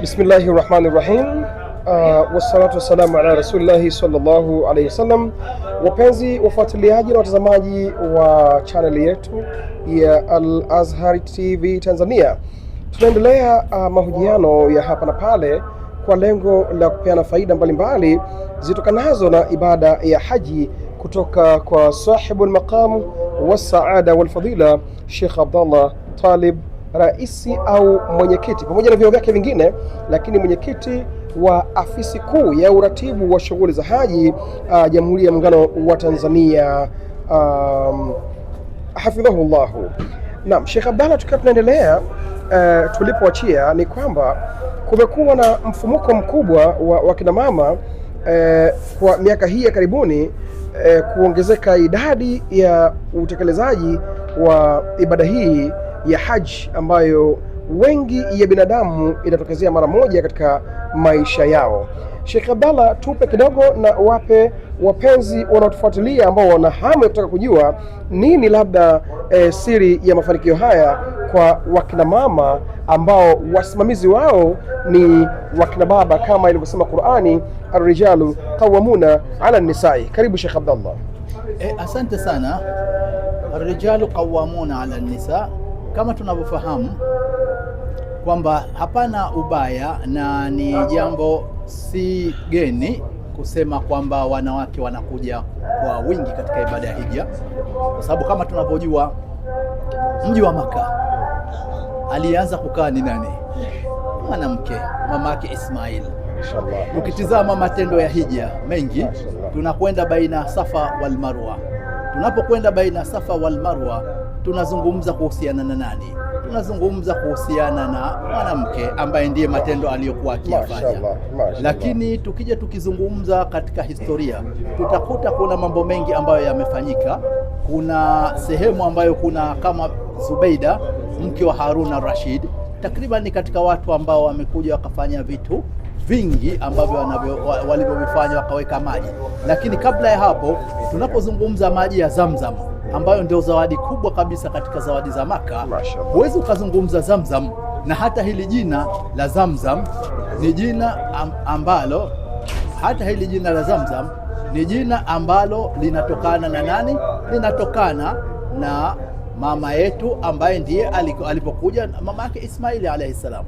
Bismillahi rahmani rahim. Uh, wassalatu wassalamu ala rasulillahi sallallahu alaihi wasallam. Wapenzi wafuatiliaji na watazamaji wa chaneli yetu ya Al Azhar TV Tanzania, tunaendelea uh, mahojiano ya hapa na pale kwa lengo la kupeana faida mbalimbali zitokanazo na ibada ya haji kutoka kwa sahibu lmaqam wasaada walfadila Sheikh Abdallah Talib rais au mwenyekiti pamoja na vyeo vyake vingine, lakini mwenyekiti wa afisi kuu ya uratibu wa shughuli za haji uh, Jamhuri ya Muungano wa Tanzania, um, hafidhahullahu. Naam, Sheikh Abdalla, tukiwa tunaendelea uh, tulipoachia ni kwamba kumekuwa na mfumuko mkubwa wa, wa kina mama uh, kwa miaka hii ya karibuni uh, kuongezeka idadi ya utekelezaji wa ibada hii ya haji ambayo wengi ya binadamu inatokezea mara moja katika maisha yao. Sheikh Abdalla, tupe kidogo na wape wapenzi wanaotufuatilia ambao wana hamu ya kutaka kujua nini labda e, siri ya mafanikio haya kwa wakina mama ambao wasimamizi wao ni wakina baba kama ilivyosema Qur'ani, ar-rijalu qawwamuna 'ala nisai. Karibu Sheikh Abdallah. Eh, asante sana. Ar-rijalu qawwamuna 'ala nisa kama tunavyofahamu kwamba hapana ubaya na ni jambo si geni kusema kwamba wanawake wanakuja kwa wingi katika ibada ya hija, kwa sababu kama tunavyojua mji wa Maka alianza kukaa ni nani? Mwanamke, mama yake Ismail. Ukitizama matendo ya hija mengi, tunakwenda baina Safa wal Marwa. Tunapokwenda baina Safa wal Marwa tunazungumza kuhusiana na nani? Tunazungumza kuhusiana na mwanamke ambaye ndiye matendo aliyokuwa akiyafanya. Lakini tukija tukizungumza katika historia, tutakuta kuna mambo mengi ambayo yamefanyika. Kuna sehemu ambayo kuna kama Zubeida mke wa Haruna Rashid, takriban ni katika watu ambao wamekuja wakafanya vitu vingi ambavyo walivyovifanya wakaweka maji. Lakini kabla ya hapo, tunapozungumza maji ya Zamzam ambayo ndio zawadi kubwa kabisa katika zawadi za Maka. Huwezi ukazungumza Zamzam, na hata hili jina la Zamzam ni jina ambalo hata hili jina la Zamzam ni jina ambalo linatokana na nani? Linatokana na mama yetu ambaye ndiye alipokuja mama yake Ismaili alaihi salam.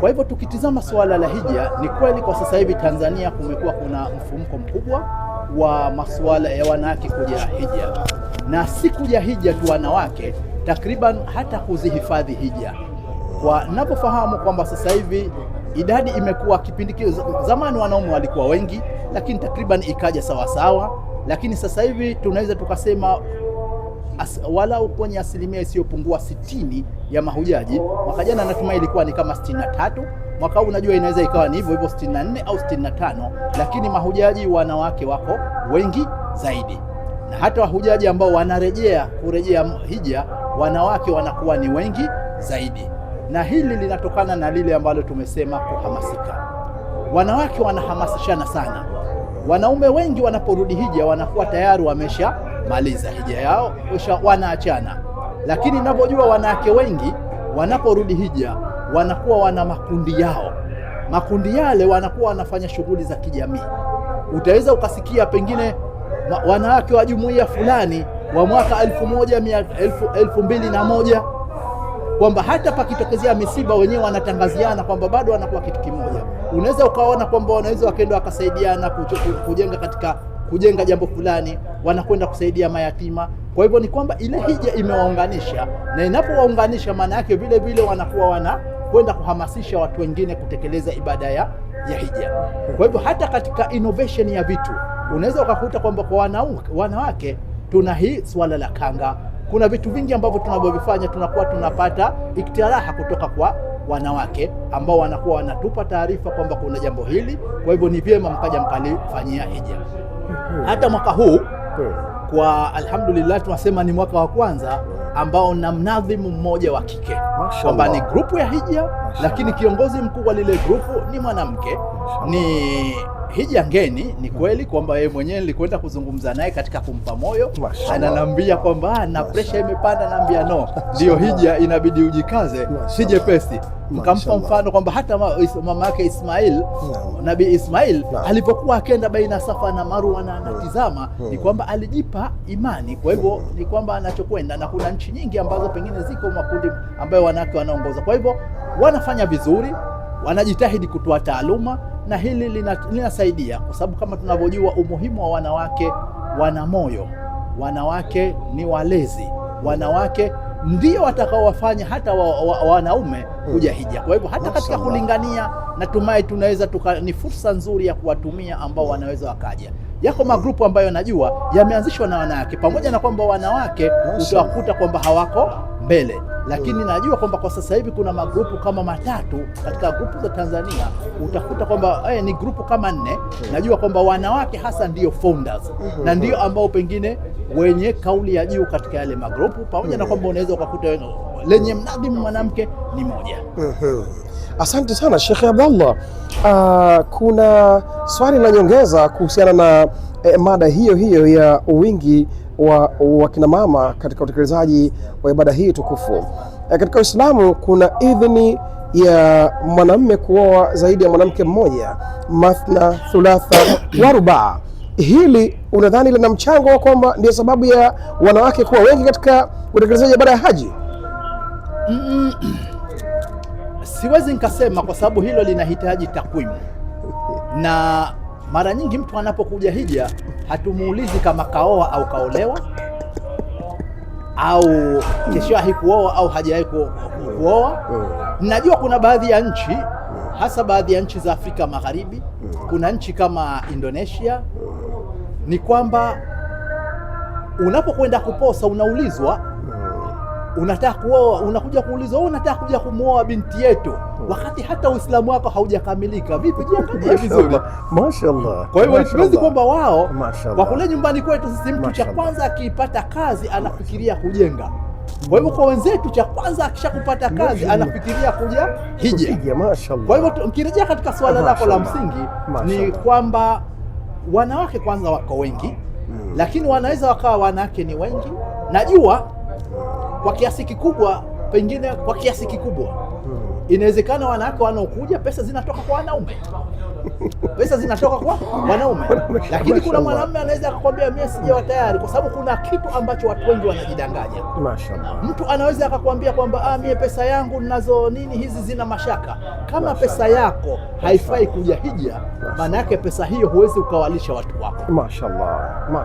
Kwa hivyo tukitizama suala la hija, ni kweli kwa sasa hivi Tanzania kumekuwa kuna mfumko mkubwa wa masuala ya wanawake kuja hija, na siku ya hija tu wanawake takriban hata kuzihifadhi hija, kwa napofahamu kwamba sasa hivi idadi imekuwa kipindi kile. Zamani wanaume walikuwa wengi, lakini takriban ikaja sawasawa, lakini sasa hivi tunaweza tukasema as, walau kwenye asilimia isiyopungua sitini ya mahujaji. Mwaka jana natumai ilikuwa ni kama sitini na tatu mwaka huu unajua, inaweza ikawa ni hivyo hivyo 64 au 65, lakini mahujaji wanawake wako wengi zaidi na hata wahujaji ambao wanarejea kurejea hija, wanawake wanakuwa ni wengi zaidi, na hili linatokana na lile ambalo tumesema kuhamasika. Wanawake wanahamasishana sana. Wanaume wengi wanaporudi hija wanakuwa tayari wameshamaliza hija yao, wanaachana. Lakini ninavyojua wanawake wengi wanaporudi hija wanakuwa wana makundi yao. Makundi yale wanakuwa wanafanya shughuli za kijamii. Utaweza ukasikia pengine wanawake wa jumuiya fulani wa mwaka elfu mbili na moja kwamba hata pakitokezea misiba wenyewe wanatangaziana kwamba bado wanakuwa kitu kimoja. Unaweza ukaona kwamba wanaweza wakaenda wakasaidiana kujenga katika kujenga jambo fulani, wanakwenda kusaidia mayatima. Kwa hivyo ni kwamba ile hija imewaunganisha, na inapowaunganisha maana yake vile vile wanakuwa wanakwenda kuhamasisha watu wengine kutekeleza ibada ya hija. Kwa hivyo hata katika innovation ya vitu unaweza ukakuta kwamba kwa wanawake tuna hii swala la kanga. Kuna vitu vingi ambavyo tunavyovifanya tunakuwa tunapata iktiraha kutoka kwa wanawake ambao wanakuwa wanatupa taarifa kwamba kuna jambo hili, kwa hivyo ni vyema mkaja mkalifanyia hija. Hata mwaka huu kwa alhamdulillah, tunasema ni mwaka wa kwanza ambao na mnadhimu mmoja wa kike kwamba ni grupu ya hija, lakini kiongozi mkuu wa lile grupu ni mwanamke, ni hija ngeni ni kweli kwamba yeye mwenyewe nilikwenda kuzungumza naye katika kumpa moyo, ananambia kwamba na presha imepanda, naambia no, ndiyo hija inabidi ujikaze, si jepesi. Mkampa mfano kwamba hata mama yake Ismail, Nabii Ismail alipokuwa akenda baina Safa na Marwa na anatizama, ni kwamba alijipa imani. Kwa hivyo ni kwamba anachokwenda, na kuna nchi nyingi ambazo pengine ziko makundi ambayo wanawake wanaongoza, kwa hivyo wanafanya vizuri, wanajitahidi kutoa taaluma na hili linasaidia kwa sababu kama tunavyojua umuhimu wa wanawake, wana moyo, wanawake ni walezi, wanawake ndio watakaowafanya hata wa, wa, wanaume hmm. kuja hija. Kwa hivyo hata katika kulingania, natumai tunaweza tuka, ni fursa nzuri ya kuwatumia ambao wanaweza wakaja. Yako magrupu ambayo najua yameanzishwa na wanawake, pamoja na kwamba wanawake utawakuta kwamba hawako mbele, lakini mm. najua kwamba kwa sasa hivi kuna magrupu kama matatu katika grupu za Tanzania, utakuta kwamba eh, ni grupu kama nne. Mm. Najua kwamba wanawake hasa ndio founders mm-hmm. na ndio ambao pengine wenye kauli ya juu katika yale magrupu, pamoja na mm. kwamba unaweza ukakuta eh, lenye mnadhimu mwanamke ni moja. Mm-hmm. Asante sana Shekhe Abdallah. Uh, kuna swali la nyongeza kuhusiana na eh, mada hiyo hiyo ya wingi wa mama katika utekelezaji wa ibada hii tukufu. Eh, katika Uislamu kuna idhini ya mwanamme kuoa zaidi ya mwanamke mmoja, mathna, thulatha wa rubaa. Hili unadhani lina mchango wa kwamba ndio sababu ya wanawake kuwa wengi katika utekelezaji wa ibada ya haji? Siwezi nikasema kwa sababu hilo linahitaji takwimu na mara nyingi mtu anapokuja hija hatumuulizi kama kaoa au kaolewa au keshawahi kuoa au hajawahi kuoa. najua kuna baadhi ya nchi hasa baadhi ya nchi za Afrika Magharibi, kuna nchi kama Indonesia, ni kwamba unapokwenda kuposa unaulizwa unataka kuoa, unakuja kuuliza wewe oh, unataka kuja kumwoa binti yetu, hmm. wakati hata Uislamu wako haujakamilika. Vipi? Jiangalie vizuri. Mashaallah. Kwa hiyo hatuwezi kwamba wao kwa kule nyumbani kwetu sisi, mtu cha kwanza akiipata kazi anafikiria kujenga kwa hivyo kwa wenzetu cha kwanza akishakupata kazi anafikiria kuja hija. Kwa hivyo mkirejea katika suala lako la msingi, ni kwamba wanawake kwanza wako wengi, hmm. lakini wanaweza wakawa wanawake ni wengi, najua kwa kiasi kikubwa, pengine kwa kiasi kikubwa Hmm. Inawezekana wanawake wanaokuja pesa zinatoka kwa wanaume, pesa zinatoka kwa wanaume, lakini kuna mwanaume anaweza akakwambia mie sijawa tayari, kwa sababu kuna kitu ambacho watu wengi wanajidanganya. mtu anaweza akakwambia kwamba ah, mie pesa yangu nazo nini hizi zina mashaka. Kama pesa yako haifai kuja hija, maana yake pesa hiyo huwezi ukawalisha watu wako.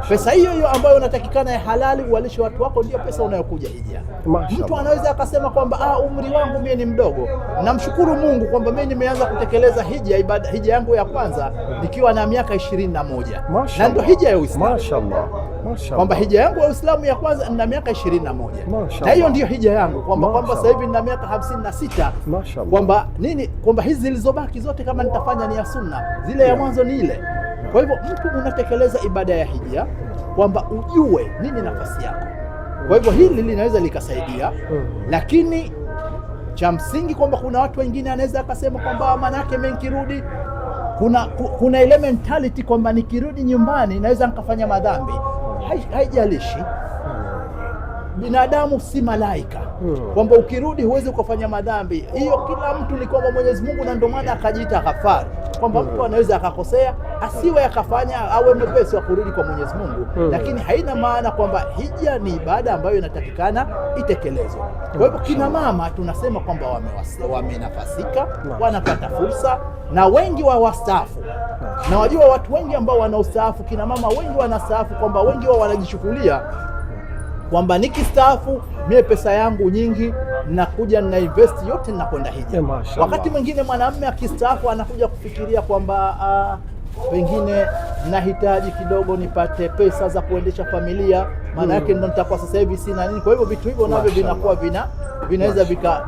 pesa hiyo hiyo ambayo unatakikana ya halali uwalishe watu wako, ndio pesa unayokuja hija. Mtu anaweza akasema kwamba ah, umri wangu mie ni mdogo kidogo. Namshukuru Mungu kwamba mimi nimeanza kutekeleza hija ibada, hija yangu ya kwanza nikiwa na miaka ishirini na moja na ndio hija ya Uislamu. Mashaallah, mashaallah, kwamba hija yangu ya Uislamu ya kwanza nina miaka ishirini na moja na hiyo ndiyo hija yangu kwamba kwamba sasa hivi nina miaka hamsini na sita kwamba nini, kwamba hizi zilizobaki zote kama nitafanya ni ya sunna, zile ya mwanzo ni ile. Kwa hivyo mtu unatekeleza ibada ya hija kwamba ujue nini nafasi yako. Kwa hivyo hili linaweza likasaidia, mm. lakini cha msingi kwamba kuna watu wengine anaweza akasema kwamba manake mimi nikirudi, kuna kuna ile mentality kwamba nikirudi nyumbani naweza nikafanya madhambi. Haijalishi hai binadamu si malaika hmm. Kwamba ukirudi huwezi ukafanya madhambi. Hiyo kila mtu ni kwamba Mwenyezi Mungu, na ndio maana akajiita ghafari, kwamba mtu hmm. anaweza akakosea asiwe akafanya awe mwepesi wa kurudi kwa Mwenyezi Mungu hmm. Lakini haina maana kwamba hija ni ibada ambayo inatakikana itekelezwe. Kwa hivyo kina mama tunasema kwamba wamenafasika, wame wanapata fursa na wengi wa wastaafu na wajua, watu wengi ambao wanaostaafu, kina mama wengi wanastaafu, kwamba wengi wao wanajishughulia kwamba nikistaafu mie pesa yangu nyingi nakuja na invest yote nakwenda hija. Eh, Wakati mwingine mwanamume akistaafu anakuja kufikiria kwamba uh, pengine nahitaji kidogo nipate pesa za kuendesha familia, maana yake hmm. ndo nitakuwa sasa hivi sina nini. Kwa hivyo vitu hivyo navyo vinakuwa vina vinaweza vika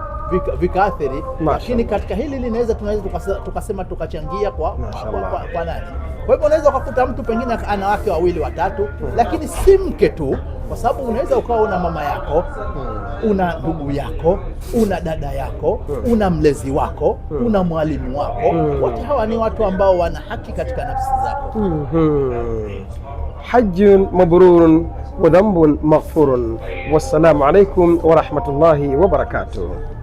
vikaathiri vika lakini, katika hili linaweza tunaweza tukasema tukachangia kwa kwa, kwa, kwa nani. Kwa hivyo unaweza ukakuta mtu pengine ana wake wawili watatu, hmm. lakini si mke tu kwa sababu unaweza ukawa una mama yako una ndugu yako una dada yako una mlezi wako una mwalimu wako wote hawa ni watu ambao wana haki katika nafsi zako. hmm. hajjun mabrurun wa dhanbun maghfurun. Wassalamu alaikum wa rahmatullahi wa barakatuh.